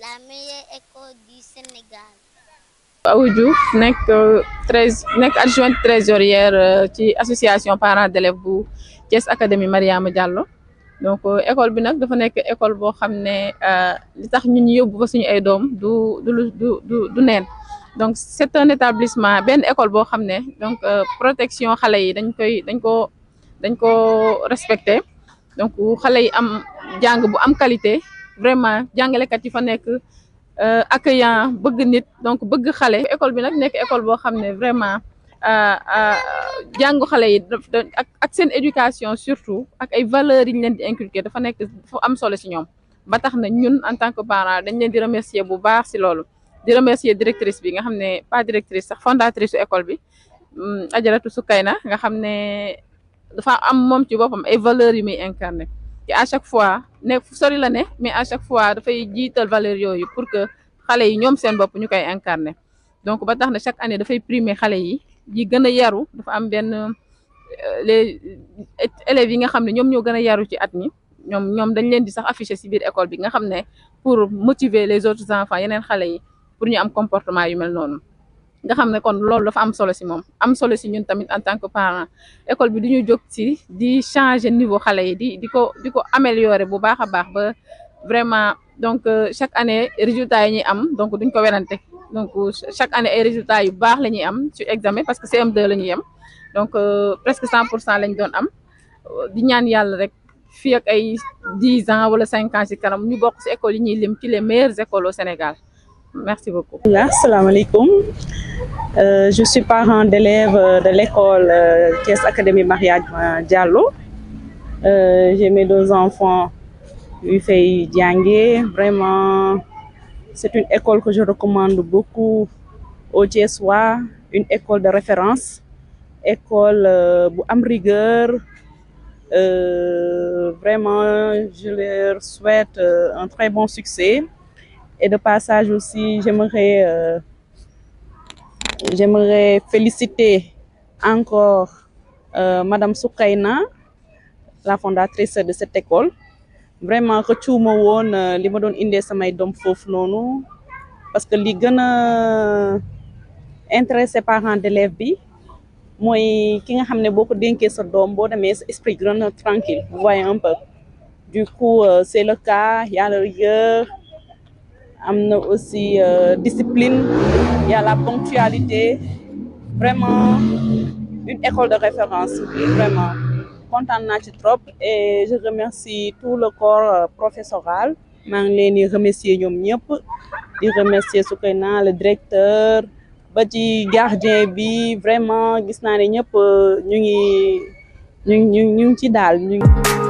la meilleure école du Sénégal. Awa nekk euh, treize nekk adjointe trésorière euh, ci association parents d'élèves bu Thiès académie Mariama Diallo donc euh, école bi nag dafa nekk école boo xam ne li tax ñun ñu yóbbu fa suñu ay doom du du du neen donc c'est un établissement benn école boo xam ne donc protection xale yi dañ koy dañ ko dañ ko respecté donc xale yi am jàng bu am qualité. vraiment jàngalekat yi fa nekk euh, accueillant bëgg nit donc bëgg xale école bi nag nekk école boo xam ne vraiment euh, euh, jàng xale yi ak ak seen éducation surtout ak ay valeurs yi ñu leen di inculquer dafa nekk foo am solo si ñoom ba tax na ñun en tant que parent dañ leen di remercier bu baax si loolu di remercier directrice bi nga xam ne pas directrice sax fondatrice su école bi mm, Ajaratu kayna nga xam ne dafa am moom ci boppam ay valeurs yi muy incarné ci à chaque fois ne fu sori la ne mais à chaque fois dafay jiital valeur yooyu pour que xale yi ñoom seen bopp ñu koy incarner donc ba tax na chaque année dafay primer xale yi yi gën a yaru dafa am benn euh, les euh, élèves yi nga xam ne ñoom ñoo gën a yaru ci at mi ñoom ñoom dañ leen di sax afficher ci biir école bi nga xam ne pour motiver les autres enfants yeneen xale yi pour ñu am comportement yu mel noonu nga xam ne kon loolu dafa am solo si moom am solo si ñun tamit en tant que parent école bi du ñu jóg si di changer niveau xale yi di di ko di ko améliorer bu baax a baax ba vraiment donc euh, chaque année résultats yi ñuy am donc duñ ko werante donc euh, chaque année ay résultats yu baax la ñuy am ci examen parce que CM2 la ñuy am donc euh, presque 100 pour cent lañ doon am di ñaan yàlla rek fii ak ay 10 ans wala 5 ans si kanam ñu bokk si école yi ñuy lim ci les meilleures Sénégal. Merci beaucoup. Assalamualaikum. Euh, je suis parent d'élèves euh, de l'école euh, Thiès euh, Académie Maria Diallo. Euh, J'ai mes deux enfants, Ufei Diangé. Vraiment, c'est une école que je recommande beaucoup au Thiessois, une école de référence, école euh, am rigueur. vraiment, je leur souhaite un très bon succès. Et de passage aussi, j'aimerais euh, j'aimerais féliciter encore euh, Madame Soukaina, la fondatrice de cette école. Vraiment, retourne woon euh, li ma doon indee samay doom foofu noonu parce que li gën a intéressé parents d'élèves bi mooy ki nga xam ne boo ko dénkee sa doom boo demee sa esprit gën tranquille vous voyez un du coup euh, c'est le cas y a rigueur am na aussi euh, discipline il y la ponctualité vraiment une école de référence vraiment kontaan naa ci trop e je remercie tout le corps euh, professoral maa ngi leen di remercier ñoom ñëpp di remercier Soukeyna le directeur ba ci gardien bi vraiment gis naa ne ñëpp euh, ñu ngi ñu ñu ngi ci daal ñu